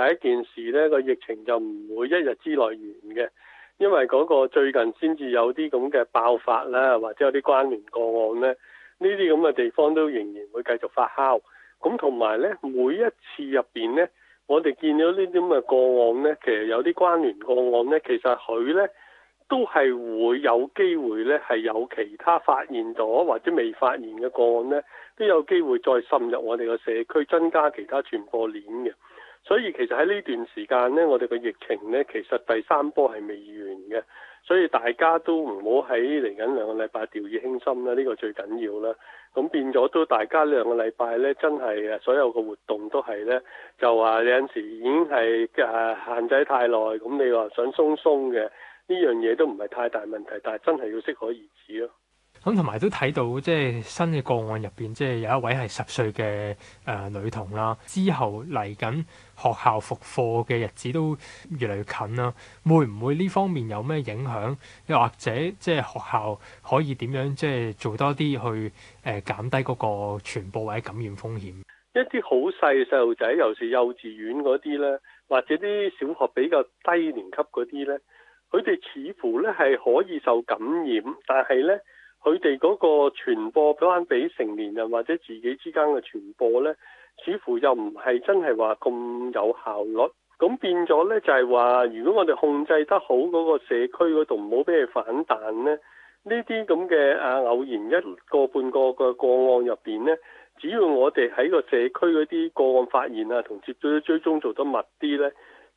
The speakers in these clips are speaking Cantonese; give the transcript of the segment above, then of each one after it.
第一件事呢，個疫情就唔會一日之內完嘅，因為嗰個最近先至有啲咁嘅爆發啦，或者有啲關聯個案呢。呢啲咁嘅地方都仍然會繼續發酵。咁同埋呢，每一次入邊呢，我哋見到呢啲咁嘅個案呢，其實有啲關聯個案呢，其實佢呢都係會有機會呢，係有其他發現咗或者未發現嘅個案呢，都有機會再滲入我哋個社區，增加其他傳播鏈嘅。所以其實喺呢段時間呢，我哋嘅疫情呢，其實第三波係未完嘅，所以大家都唔好喺嚟緊兩個禮拜掉以輕心啦，呢個最緊要啦。咁變咗都大家呢兩個禮拜呢，真係啊，所有個活動都係呢，就話有陣時已經係誒限制太耐，咁你話想鬆鬆嘅呢樣嘢都唔係太大問題，但係真係要適可而止。咁同埋都睇到，即係新嘅個案入邊，即係有一位係十歲嘅誒、呃、女童啦。之後嚟緊學校復課嘅日子都越嚟越近啦，會唔會呢方面有咩影響？又或者即係學校可以點樣即係做多啲去誒、呃、減低嗰個傳播或者感染風險？一啲好細細路仔，尤其是幼稚園嗰啲咧，或者啲小學比較低年級嗰啲咧，佢哋似乎咧係可以受感染，但係咧。佢哋嗰個傳播翻俾成年人或者自己之間嘅傳播呢，似乎又唔係真係話咁有效率。咁變咗呢，就係話，如果我哋控制得好嗰個社區嗰度，唔好俾佢反彈呢。呢啲咁嘅啊偶然一個半個嘅個案入邊呢，只要我哋喺個社區嗰啲個案發現啊同接觸追蹤做得密啲呢，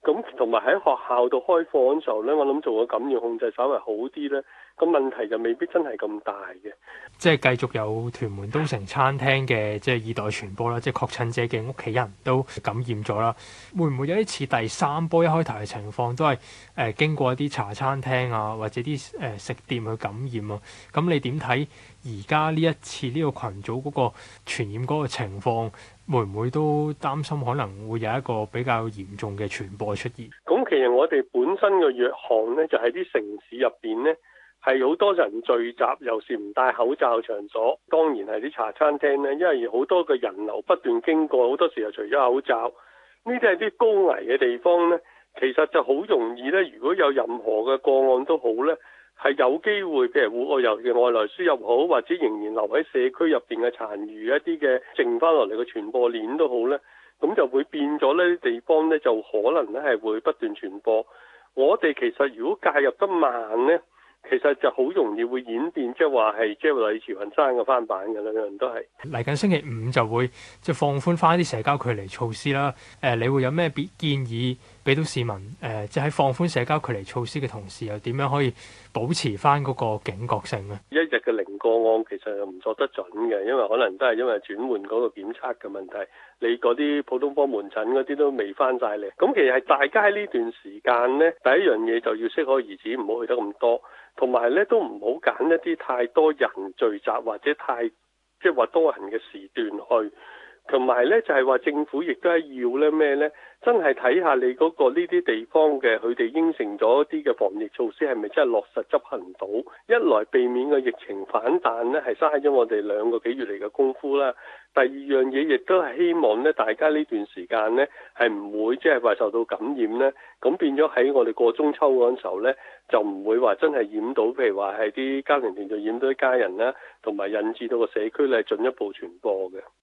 咁同埋喺學校度開課嗰陣時候呢，我諗做個感染控制稍微好啲呢。個問題就未必真係咁大嘅，即係繼續有屯門都城餐廳嘅即係二代傳播啦，即係確診者嘅屋企人都感染咗啦。會唔會有一次第三波一開頭嘅情況，都係誒經過一啲茶餐廳啊，或者啲誒食店去感染啊？咁你點睇而家呢一次呢個群組嗰個傳染嗰個情況，會唔會都擔心可能會有一個比較嚴重嘅傳播出現？咁其實我哋本身嘅弱項呢，就喺啲城市入邊呢。係好多人聚集，尤其是唔戴口罩嘅場所，當然係啲茶餐廳咧，因為好多嘅人流不斷經過，好多時候除咗口罩，呢啲係啲高危嘅地方呢，其實就好容易咧，如果有任何嘅個案都好呢，係有機會譬如外遊嘅外來輸入好，或者仍然留喺社區入邊嘅殘餘一啲嘅剩返落嚟嘅傳播鏈都好呢咁就會變咗，呢啲地方呢，就可能咧係會不斷傳播。我哋其實如果介入得慢呢，其實就好容易會演變，即係話係，即係類似慈雲山嘅翻版嘅，兩樣都係嚟緊星期五就會即係放寬翻啲社交距離措施啦。誒，你會有咩別建議？俾到市民誒、呃，即喺放寬社交距離措施嘅同時，又點樣可以保持翻嗰個警覺性咧？一日嘅零個案其實又唔作得準嘅，因為可能都係因為轉換嗰個檢測嘅問題，你嗰啲普通科門診嗰啲都未翻晒嚟。咁其實，係大家呢段時間咧，第一樣嘢就要適可而止，唔好去得咁多，同埋咧都唔好揀一啲太多人聚集或者太即係話多人嘅時段去。同埋呢，就係話政府亦都係要呢咩呢？真係睇下你嗰個呢啲地方嘅佢哋應承咗啲嘅防疫措施係咪真係落實執行到？一來避免個疫情反彈呢，係嘥咗我哋兩個幾月嚟嘅功夫啦。第二樣嘢亦都係希望呢，大家呢段時間呢，係唔會即係話受到感染呢。咁變咗喺我哋過中秋嗰陣時候呢，就唔會話真係染到，譬如話係啲家庭團聚染到一家人啦，同埋引致到個社區呢進一步傳播嘅。